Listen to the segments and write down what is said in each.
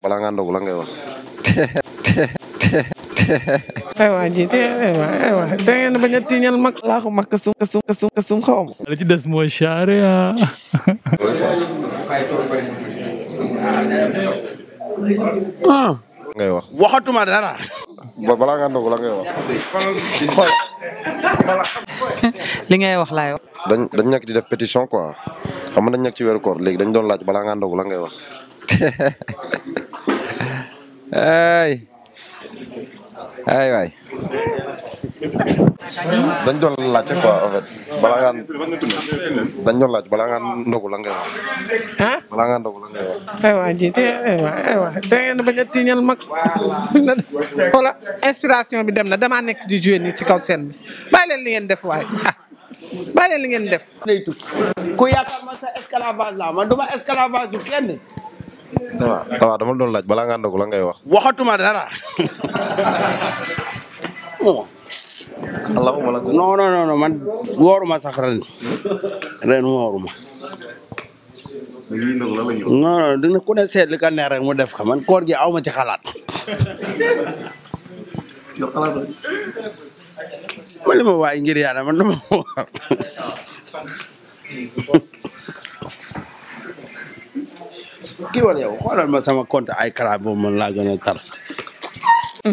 balaa ngaa ndogu la ngay wax. aywa jiite aywa da ngeen bañ a tiñal mag. laaxu mag kasum kasum kasum xaw ma. li ci des mooy charia. ah. ah. ngay wax waxatuma dara. balaa ngaa ndogu la ngay wax. xool. li ngay wax laay wax. dañ dañ nekk di def pétition quoi xam nga dañ nekk ci weeru léegi dañ doon laaj balaa ngaa ndogu la ngay wax. ay ay waay dañ doon laajte balaa ngaan dañ doon laaj balaa ngaan ndogu la ngay wax ah balaa ngaan ndogu la ngay wax aywa jiite aywa bañ a tiñal mag xoola inspiration bi dem na damaa nekk di joué nii ci kaw seen bi bàyyi leen li ngeen def waay ah leen li ngeen def ku yaakaar ma sa la man du ma esclavage yu kenn waaw waaw dama doon laaj balaa ngaa ndogu la ngay wax. waxatuma dara. allahumma la. non non non man wooruma sax ren ren wooruma. non non dina ku ne seet li ka neex rek mu def ka man koor gi aw ma ci xalaat. ma li ma waay ngir yàlla man dama woor. kii wala yow xoolal ma sama compte ay kala boobu man laa gën a tar.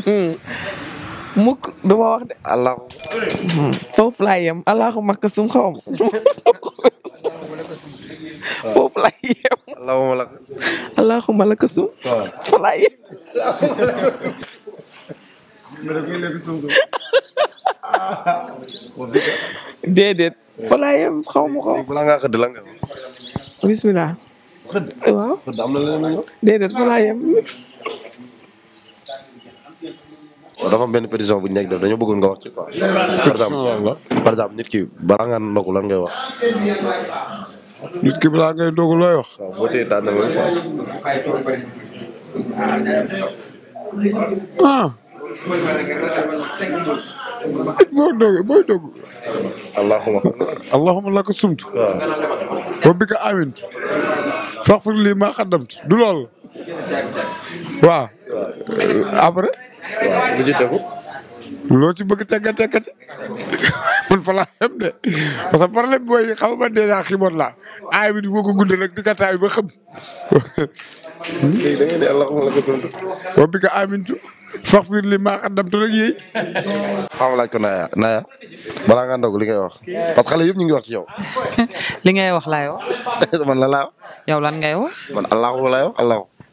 mukk du ma wax de. allahu. foofu laa yem allahumma kasum xaw ma. foofu laa yem. allahumma la. allahumma la kasum. waaw foofu laa yem. déedéet. foofu laa bismillah. xëdd. waaw fa laa yem. dafa am benn pétition bu ñu nekk def dañoo bëggoon nga wax ci quoi. par exemple par exemple nit ki balaa ngaa ndogu lan ngay nit ki balaa ngay ndogu looy wax. waaw boo tee daan na ma quoi. ah. it boo doge booy dog. allahumma. allahumma laka sumtu. faxfir lii maa xaddamtu du loolu waaw après waaw lu ci tegu loo ci bëgg tegga teggati man fa laa xam de parce que problème bi mooy xam nga dèjà xiboon laa aay bi di ko rek di ka taay ba xam léegi da ngeen di àllaxuma la ko tontu rek yéey xam laaj ko Naya Naya balaa nga ndog li wax parce xale yëpp ñu ngi wax ci yow li wax laay yow lan ngay wax. man allahu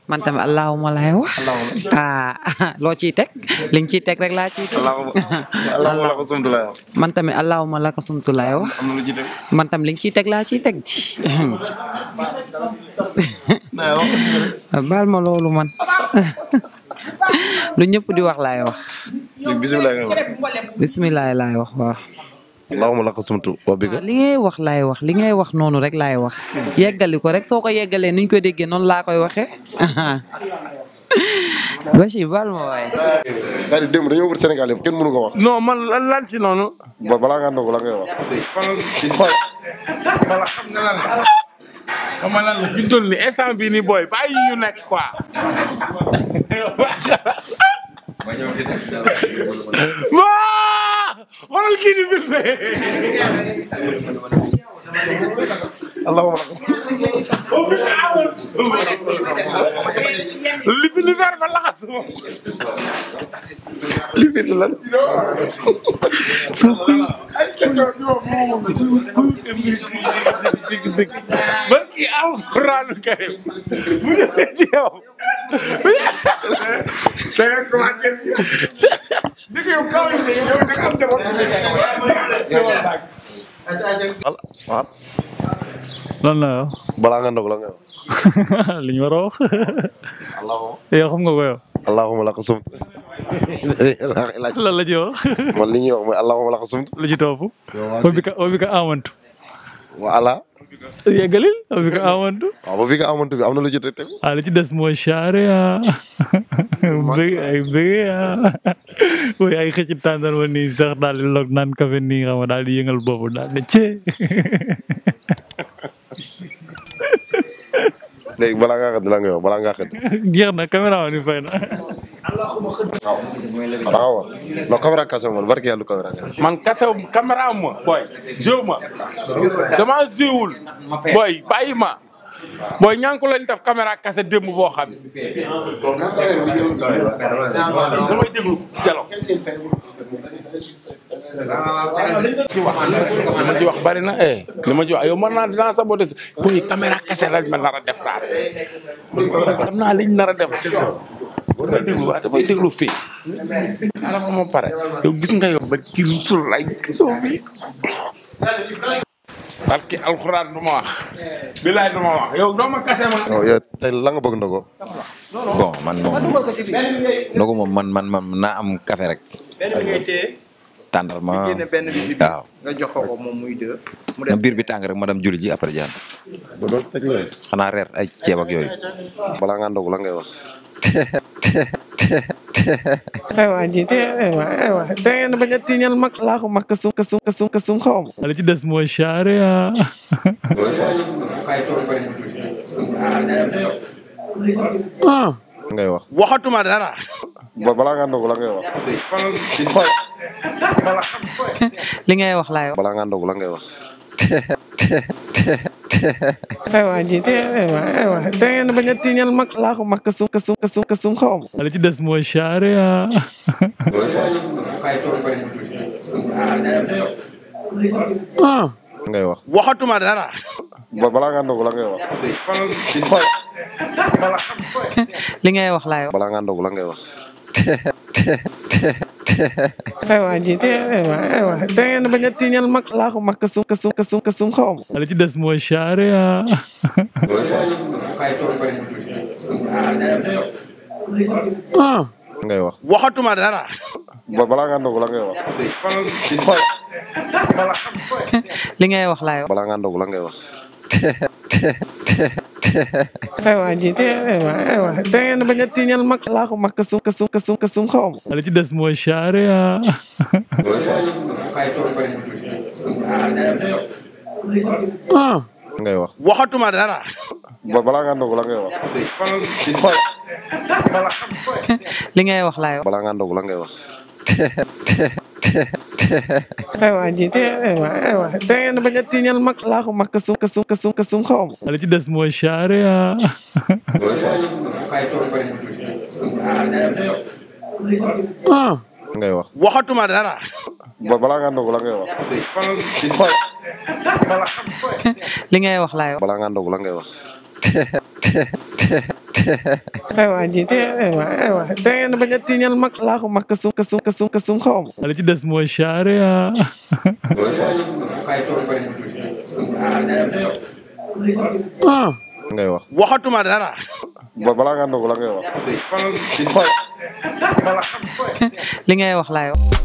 man tamit allahu ma wax. ah loo ciy teg li ciy teg rek laa ciy teg. ma la ko sumtu man tamit allahu ma sumtu lay wax. man tam li nga ciy teg laa ciy teg ji. baal ma loolu man. lu ñëpp di wax laay wax. bisimilah laay wax allahumma laka sumtu wa bika ah, li wax laay wax li ngay wax noonu rek laay wax. yeggali ko rek soo ko yeggalee ni ñu ko déggee noonu laa koy waxee. Bachir baal ma waay. daal di démb dañoo wër Sénégal yëpp kenn mënu ko wax. non man lan lan ci noonu. ba balaa ngaa ndogu la ngay wax. wala xam nga lan la. xoolal kii di mbir fee. allahumma li bi li weer ba laxas moom li bi lan dëgg dëgg barki alxuraanu karim bu ñëwee ci yow. da ngay commencé dëgg yow kaw yi yow da nga am jamono. waaw. lan la yow. balaa nga ndog la nga yow. li ñu war a wax. yow xam nga ko yow. allahuma laka sumtu. lan la ñuy wax. man li ñuy wax mooy allahuma laka sumtu. lu ci topp. wa bika wa bika amantu. wa ala. yeggalil wa bika amantu. waaw wa bika amantu bi am na lu ci teg teg. ah li ci des mooy charia. bëgg ay bëgg mooy ah. ay ma nii sax daal di log kafe nii xam nga daal di yëngal boobu daal di cee. léegi balaa ngaa xëdd la nga yor balaa ngaa na caméra ma ni fay na. waaw non caméra kase moom barki yàlla caméra man kase caméra ma booy jéew ma damaa jéewul booy bàyyi ma booy ñànku lañ def caméra kase démb boo xam ne. damay déglu jalo ci wax li ma ci wax bari na eh li ma ci wax yow mën naa dinaa saboté kese lañ ma nar a def daal xam naa liñ nar a def war nga déglu waaye damay déglu fii ala ma ma pare yow gis nga yow ba ci rusul lay wax bilaay du wax yow doo ma kase bëgg ndogo bon man moom ndogo moom man man am café rek tàndarma waaw nga génne benn bi waaw nga jox ko moom muy deux. mu des biir bi tàng rek ma dem julli ji après jaan. ba doon teg loolu. xanaa reer ay ceeb ak yooyu. balaa ngaa ndogu la ngay wax. aywa ji te aywa aywa da ngeen bañ a tiñal mag laaxu mag kasum kasum kasum kasum xaw ma. li ci des mooy charia. ah. ngay wax waxatuma dara. ba balaa ngaa ngay wax. xool li ngay wax lay wax. balaa ngaa ndogu la ngay wax. aywa jiite aywa aywa da ngeen bañ a tiñal mag laa ko mag kasum kasum kasum kasum xaw ma. li ci des mooy charia. ngay wax waxatuma dara. ba balaa ngaa ngay wax. xool li ngay wax laay la ngay wax. aywa ji te aywa aywa da ngeen bañ a tiñal mag laa ko mag kasum kasum kasum kasum xaw ma la ci des mooy charia ah. ah ngay wax waxatuma dara ba balaa ngaa ndogu la ngay wax li ngay wax laay wax balaa ngaa ndogu la ngay wax aywa jiite aywa aywa da ngeen bañ a tiñal mag laa kasum kasum kasum kasum oh. xaw ma. li ci des mooy charia. ah. ngay wax waxatuma dara. la ngay wax. li ngay wax laay wax. balaa ngaa ndog la ngay wax. aywa ji te aywa aywa da ngeen bañ a kasum kasum kasum kasum xaw ma. ci des mooy charia. Ah. ah. ngay wax waxatuma dara. la ngay wax. li wax laay wax. balaa ngaa ndogu la ngay wax. aywa jiite aywa aywa da ngeen bañ a tiñal mag laa ko mag kasum kasum kasum kasum xawma li ci des mooy charia ah. ah ngay wax waxatuma dara balaa nga ndogu la ngay wax li ngay wax laay wax